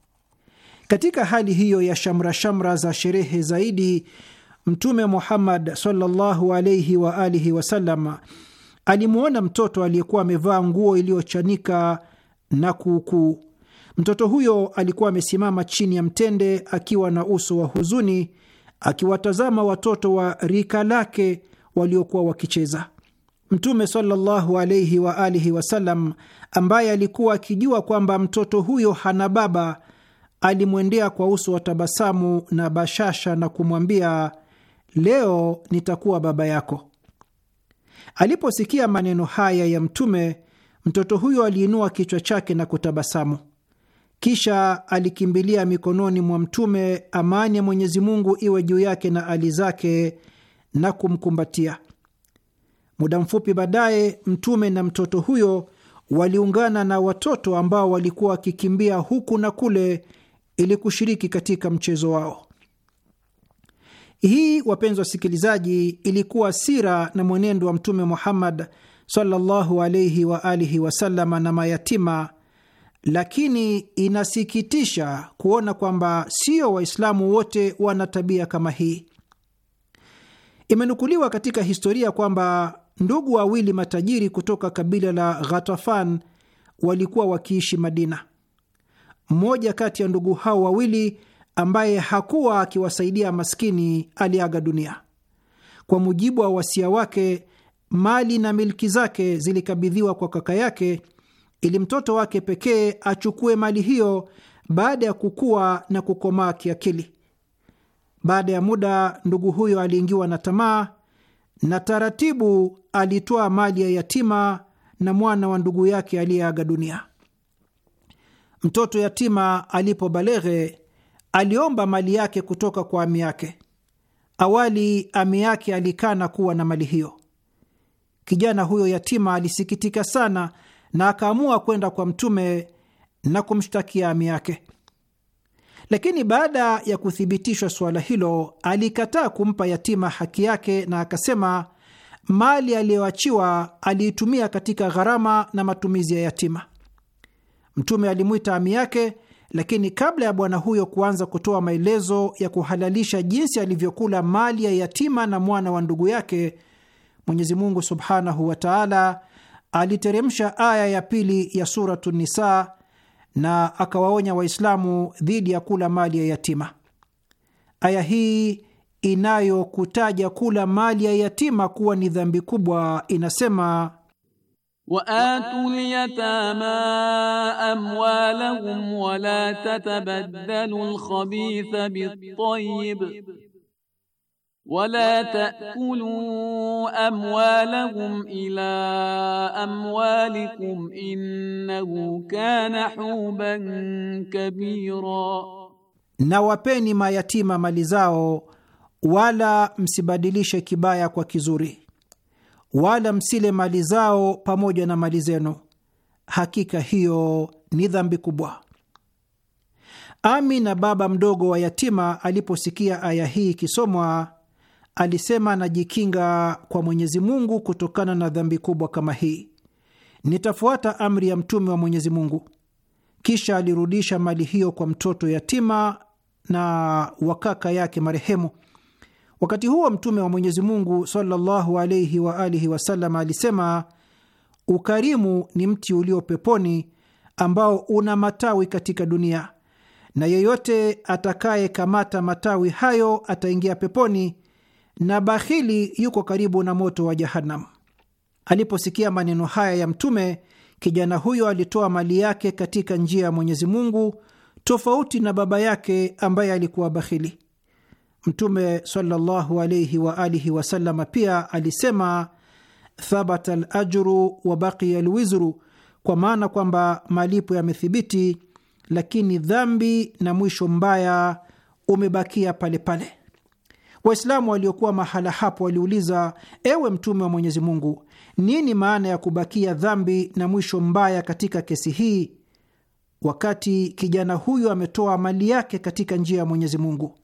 Katika hali hiyo ya shamrashamra za sherehe zaidi, Mtume Muhammad sallallahu alaihi waalihi wasallam alimwona mtoto aliyekuwa amevaa nguo iliyochanika na kuukuu. Mtoto huyo alikuwa amesimama chini ya mtende akiwa na uso wa huzuni, akiwatazama watoto wa rika lake waliokuwa wakicheza. Mtume sallallahu alayhi wa alihi wasallam, ambaye alikuwa akijua kwamba mtoto huyo hana baba, alimwendea kwa uso wa tabasamu na bashasha na kumwambia, leo nitakuwa baba yako. Aliposikia maneno haya ya Mtume, mtoto huyo aliinua kichwa chake na kutabasamu. Kisha alikimbilia mikononi mwa Mtume, amani ya Mwenyezi Mungu iwe juu yake na ali zake, na kumkumbatia. Muda mfupi baadaye, Mtume na mtoto huyo waliungana na watoto ambao walikuwa wakikimbia huku na kule ili kushiriki katika mchezo wao. Hii, wapenzi wasikilizaji, ilikuwa sira na mwenendo wa Mtume Muhammad sallallahu alaihi wa alihi na mayatima, lakini inasikitisha kuona kwamba sio Waislamu wote wana tabia kama hii. Imenukuliwa katika historia kwamba ndugu wawili matajiri kutoka kabila la Ghatafan walikuwa wakiishi Madina. Mmoja kati ya ndugu hao wawili ambaye hakuwa akiwasaidia maskini, aliaga dunia. Kwa mujibu wa wasia wake, mali na milki zake zilikabidhiwa kwa kaka yake ili mtoto wake pekee achukue mali hiyo baada ya kukua na kukomaa kiakili. Baada ya muda, ndugu huyo aliingiwa na tamaa na taratibu alitoa mali ya yatima na mwana wa ndugu yake aliyeaga dunia. Mtoto yatima alipobaleghe aliomba mali yake kutoka kwa ami yake. Awali ami yake alikana kuwa na mali hiyo. Kijana huyo yatima alisikitika sana na akaamua kwenda kwa Mtume na kumshtakia ami yake, lakini baada ya kuthibitishwa suala hilo alikataa kumpa yatima haki yake na akasema mali aliyoachiwa aliitumia katika gharama na matumizi ya yatima. Mtume alimwita ami yake lakini kabla ya bwana huyo kuanza kutoa maelezo ya kuhalalisha jinsi alivyokula mali ya yatima na mwana wa ndugu yake, Mwenyezi Mungu subhanahu wa taala aliteremsha aya ya pili ya Suratu Nisa na akawaonya Waislamu dhidi ya kula mali ya yatima. Aya hii inayokutaja kula mali ya yatima kuwa ni dhambi kubwa inasema Waatu lyatama amwalahum wala tatabaddalu alkhabitha bittayib wala taakulu amwalahum ila amwalikum innahu kana huban kabira, na wapeni mayatima mali zao, wala msibadilishe kibaya kwa kizuri wala msile mali zao pamoja na mali zenu, hakika hiyo ni dhambi kubwa. Ami na baba mdogo wa yatima aliposikia aya hii ikisomwa alisema, anajikinga kwa Mwenyezi Mungu kutokana na dhambi kubwa kama hii, nitafuata amri ya mtume wa Mwenyezi Mungu. Kisha alirudisha mali hiyo kwa mtoto yatima na wakaka yake marehemu Wakati huo Mtume wa Mwenyezi Mungu sallallahu wa alihi wasallam alisema, ukarimu ni mti ulio peponi ambao una matawi katika dunia, na yeyote atakayekamata matawi hayo ataingia peponi, na bahili yuko karibu na moto wa Jahannam. Aliposikia maneno haya ya Mtume, kijana huyo alitoa mali yake katika njia ya Mwenyezi Mungu, tofauti na baba yake ambaye alikuwa bahili. Mtume sallallahu alaihi wa alihi pia alisema thabata alajru wa baqiya alwizru, kwa maana kwamba malipo yamethibiti, lakini dhambi na mwisho mbaya umebakia pale pale. Waislamu waliokuwa mahala hapo waliuliza, ewe Mtume wa Mwenyezi Mungu, nini maana ya kubakia dhambi na mwisho mbaya katika kesi hii, wakati kijana huyo ametoa mali yake katika njia ya Mwenyezi Mungu?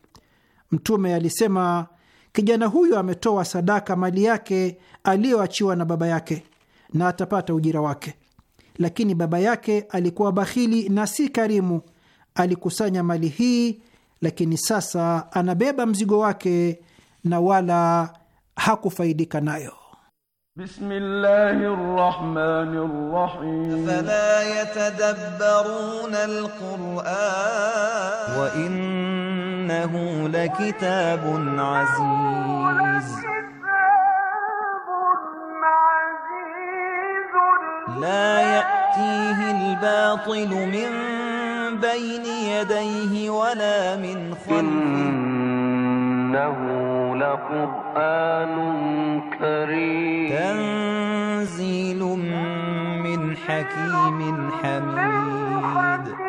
Mtume alisema, kijana huyu ametoa sadaka mali yake aliyoachiwa na baba yake na atapata ujira wake. Lakini baba yake alikuwa bakhili na si karimu, alikusanya mali hii, lakini sasa anabeba mzigo wake na wala hakufaidika nayo. Bismillahir Rahmanir Rahim. yatadabbaruna al-Qur'an wa in إنه لكتاب عزيز لا يأتيه الباطل من بين يديه ولا من خلفه إنه لقرآن كريم تنزيل من حكيم حميد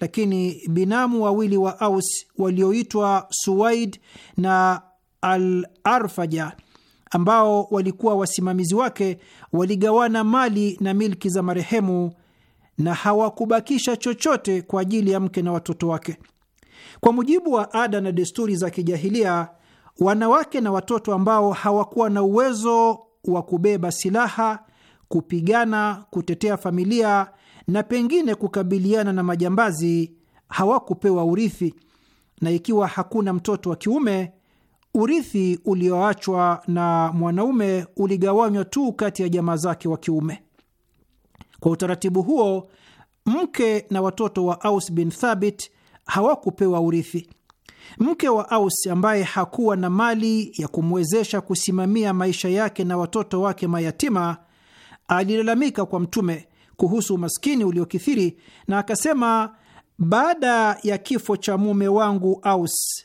lakini binamu wawili wa Aus walioitwa Suwaid na Al-Arfaja ambao walikuwa wasimamizi wake waligawana mali na milki za marehemu na hawakubakisha chochote kwa ajili ya mke na watoto wake. Kwa mujibu wa ada na desturi za kijahilia, wanawake na watoto ambao hawakuwa na uwezo wa kubeba silaha, kupigana, kutetea familia na pengine kukabiliana na majambazi, hawakupewa urithi, na ikiwa hakuna mtoto wa kiume, urithi ulioachwa na mwanaume uligawanywa tu kati ya jamaa zake wa kiume. Kwa utaratibu huo, mke na watoto wa Aus bin Thabit hawakupewa urithi. Mke wa Aus ambaye hakuwa na mali ya kumwezesha kusimamia maisha yake na watoto wake mayatima, alilalamika kwa Mtume kuhusu umaskini uliokithiri, na akasema, baada ya kifo cha mume wangu Aus,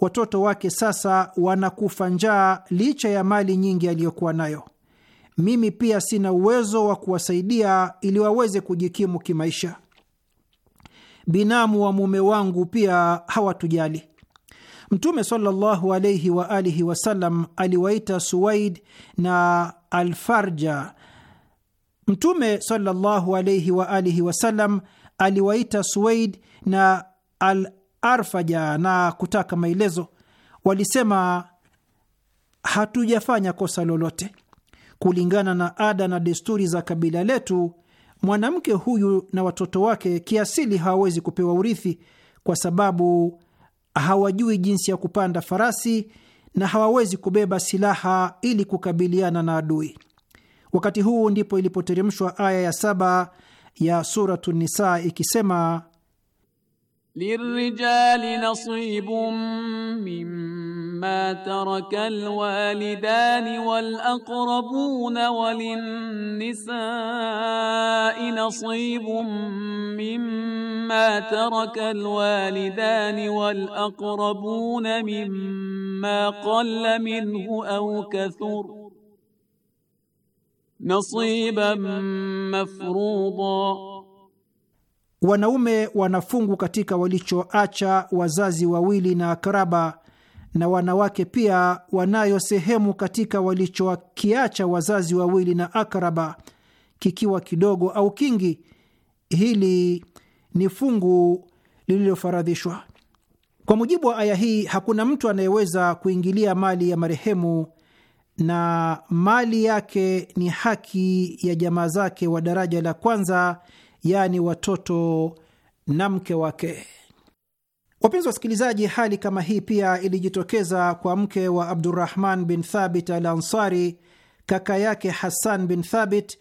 watoto wake sasa wanakufa njaa licha ya mali nyingi aliyokuwa nayo. Mimi pia sina uwezo wa kuwasaidia ili waweze kujikimu kimaisha. Binamu wa mume wangu pia hawatujali. Mtume sallallahu alaihi wa alihi wasallam aliwaita Suwaid na Alfarja Mtume sallallahu alaihi wa alihi wasallam aliwaita Suwaid na Al Arfaja na kutaka maelezo. Walisema, hatujafanya kosa lolote. Kulingana na ada na desturi za kabila letu, mwanamke huyu na watoto wake kiasili hawawezi kupewa urithi kwa sababu hawajui jinsi ya kupanda farasi na hawawezi kubeba silaha ili kukabiliana na adui. Wakati huu ndipo ilipoteremshwa aya ya saba ya Suratu Nisa ikisema lirijali nasibun mimma taraka alwalidani walaqrabuna walinnisai nasibun mimma taraka alwalidani walaqrabuna mimma qalla minhu au kathura nasiban mafruḍa, wanaume wanafungu katika walichoacha wazazi wawili na akraba, na wanawake pia wanayo sehemu katika walichokiacha wazazi wawili na akraba, kikiwa kidogo au kingi. Hili ni fungu lililofaradhishwa. Kwa mujibu wa aya hii, hakuna mtu anayeweza kuingilia mali ya marehemu na mali yake ni haki ya jamaa zake wa daraja la kwanza, yaani watoto na mke wake. Wapenzi wasikilizaji, hali kama hii pia ilijitokeza kwa mke wa Abdurrahman bin Thabit al Ansari, kaka yake Hassan bin Thabit,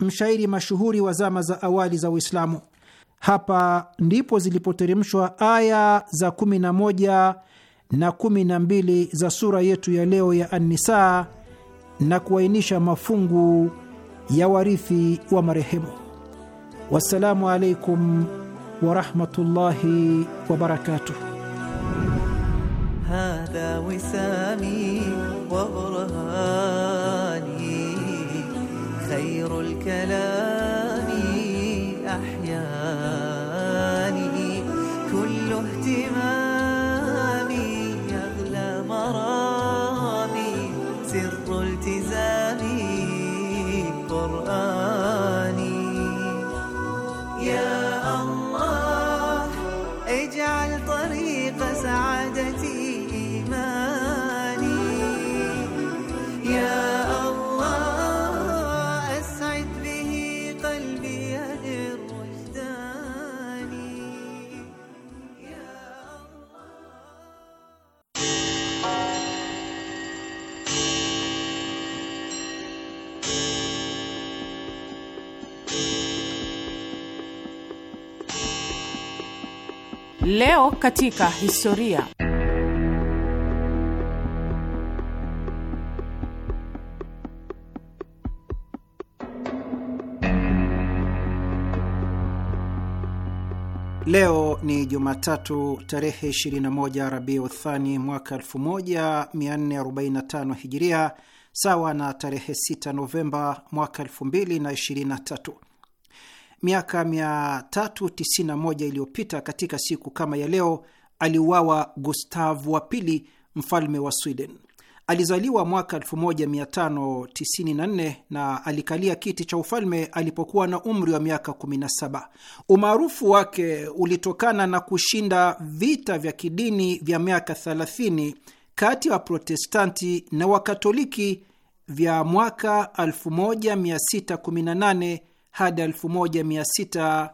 mshairi mashuhuri wa zama za awali za Uislamu. Hapa ndipo zilipoteremshwa aya za 11 na 12 za sura yetu ya leo ya Annisaa na kuainisha mafungu ya warithi wa marehemu. Wassalamu alaikum warahmatullahi wabarakatuh. Hadha wisami wa burhani khairul kalami ahyani kullu ihtimam Leo katika historia. Leo ni Jumatatu tarehe 21 Rabiu Thani mwaka 1445 Hijiria, sawa na tarehe 6 Novemba mwaka 2023 miaka 391 iliyopita katika siku kama ya leo aliuawa Gustav wa pili, mfalme wa Sweden. Alizaliwa mwaka 1594 na alikalia kiti cha ufalme alipokuwa na umri wa miaka 17. Umaarufu wake ulitokana na kushinda vita vya kidini vya miaka 30 kati ya Waprotestanti na Wakatoliki vya mwaka 1618 hadi 1648.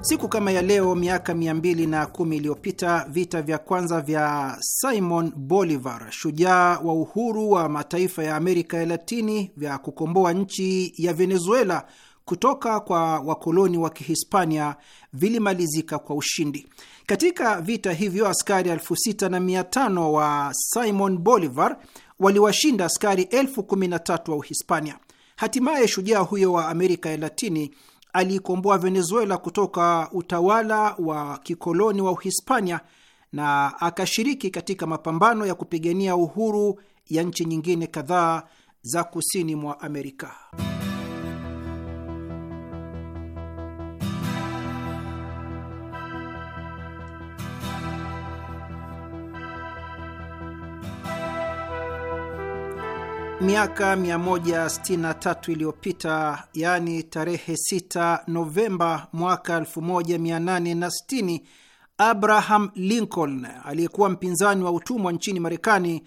Siku kama ya leo miaka 210 iliyopita vita vya kwanza vya Simon Bolivar, shujaa wa uhuru wa mataifa ya Amerika ya Latini, vya kukomboa nchi ya Venezuela kutoka kwa wakoloni wa Kihispania vilimalizika kwa ushindi. Katika vita hivyo askari elfu sita na mia tano wa Simon Bolivar waliwashinda askari elfu kumi na tatu wa Uhispania. Hatimaye shujaa huyo wa Amerika ya Latini aliikomboa Venezuela kutoka utawala wa kikoloni wa Uhispania na akashiriki katika mapambano ya kupigania uhuru ya nchi nyingine kadhaa za kusini mwa Amerika. Miaka 163 iliyopita, yaani tarehe 6 Novemba mwaka 1860, Abraham Lincoln aliyekuwa mpinzani wa utumwa nchini Marekani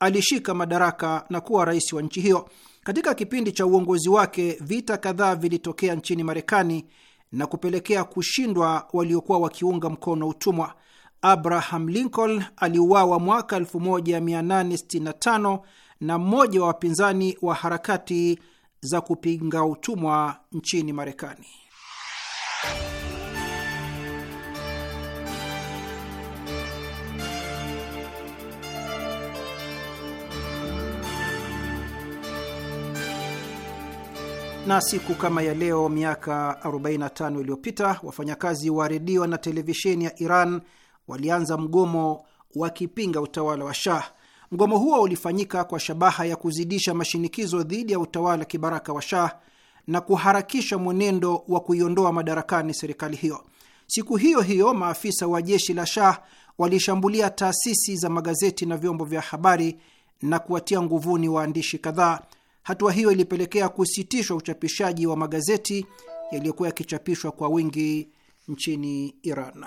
alishika madaraka na kuwa rais wa nchi hiyo. Katika kipindi cha uongozi wake, vita kadhaa vilitokea nchini Marekani na kupelekea kushindwa waliokuwa wakiunga mkono utumwa. Abraham Lincoln aliuawa mwaka 1865 na mmoja wa wapinzani wa harakati za kupinga utumwa nchini Marekani. na siku kama ya leo miaka 45 iliyopita wafanyakazi wa redio na televisheni ya Iran walianza mgomo wakipinga utawala wa Shah. Mgomo huo ulifanyika kwa shabaha ya kuzidisha mashinikizo dhidi ya utawala kibaraka wa Shah na kuharakisha mwenendo wa kuiondoa madarakani serikali hiyo. Siku hiyo hiyo, maafisa wa jeshi la Shah walishambulia taasisi za magazeti na vyombo vya habari na kuwatia nguvuni waandishi kadhaa. Hatua hiyo ilipelekea kusitishwa uchapishaji wa magazeti yaliyokuwa yakichapishwa kwa wingi nchini Iran.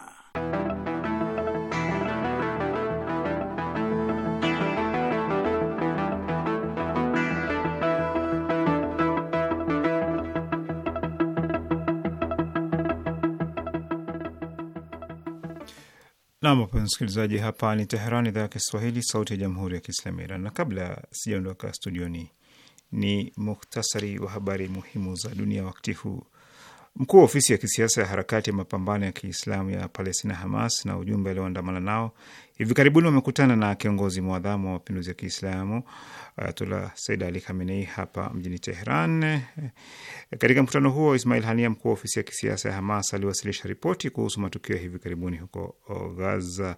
Nam, wapenzi msikilizaji, hapa ni Teheran, idhaa ya Kiswahili, sauti ya jamhuri ya kiislamu Iran. Na kabla sijaondoka studioni, ni muhtasari wa habari muhimu za dunia wakati huu. Mkuu wa ofisi ya kisiasa ya harakati ya mapambano ya Kiislamu ya Palestina, Hamas, na ujumbe alioandamana nao hivi karibuni wamekutana na kiongozi mwadhamu wa mapinduzi ya Kiislamu Ayatullah Said Ali Khamenei hapa mjini Teheran. Katika mkutano huo, Ismail Hania, mkuu wa ofisi ya kisiasa ya Hamas, aliwasilisha ripoti kuhusu matukio ya hivi karibuni huko Gaza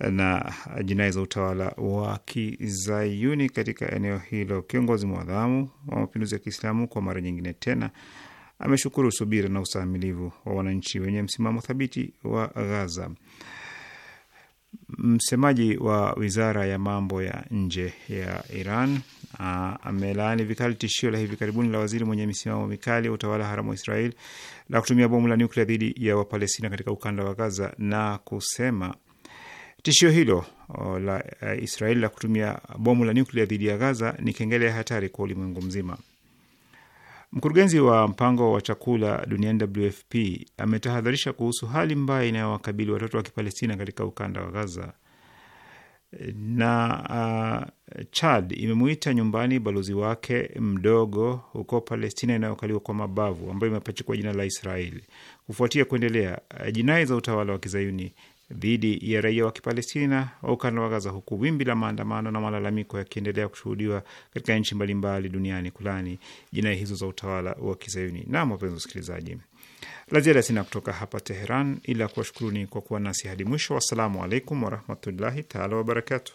na jinai za utawala wa kizayuni katika eneo hilo. Kiongozi mwadhamu wa mapinduzi ya Kiislamu kwa mara nyingine tena ameshukuru subira na ustahimilivu wa wananchi wenye msimamo thabiti wa Gaza. Msemaji wa wizara ya mambo ya nje ya Iran amelaani vikali tishio la hivi karibuni la waziri mwenye misimamo mikali ya utawala haramu wa Israel la kutumia bomu la nuklia dhidi ya Wapalestina katika ukanda wa Gaza na kusema tishio hilo la Israel la kutumia bomu la nyuklia dhidi ya Gaza ni kengele ya hatari kwa ulimwengu mzima. Mkurugenzi wa mpango wa chakula duniani WFP ametahadharisha kuhusu hali mbaya inayowakabili watoto wa Kipalestina katika ukanda wa Gaza na uh, Chad imemuita nyumbani balozi wake mdogo huko Palestina inayokaliwa kwa mabavu ambayo imepachikwa jina la Israeli kufuatia kuendelea uh, jinai za utawala wa kizayuni dhidi ya raia wa Kipalestina wa ukanda wa Gaza, huku wimbi la maandamano na malalamiko yakiendelea kushuhudiwa katika nchi mbalimbali duniani kulani jinai hizo za utawala wa Kizayuni. na wapenzi wasikilizaji, la ziada sina kutoka hapa Teheran ila kuwashukuruni kwa kuwa nasi hadi mwisho. Wassalamu alaikum warahmatullahi taala wabarakatu.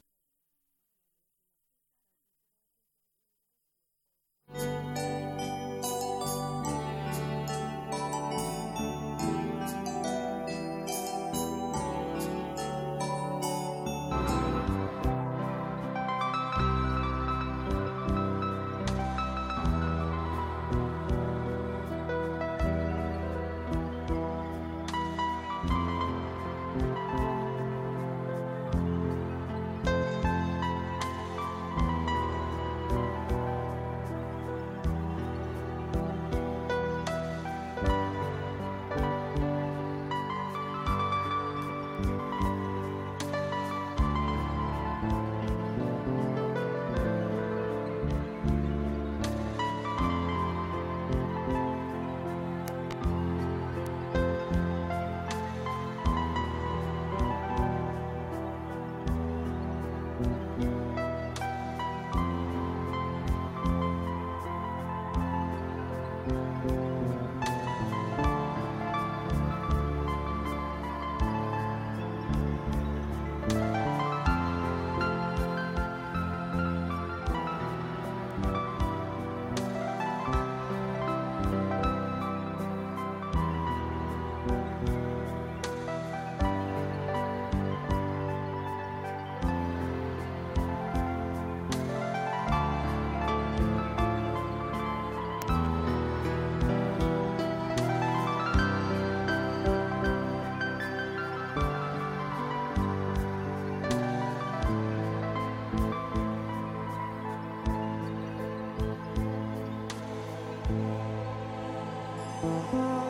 Thank you.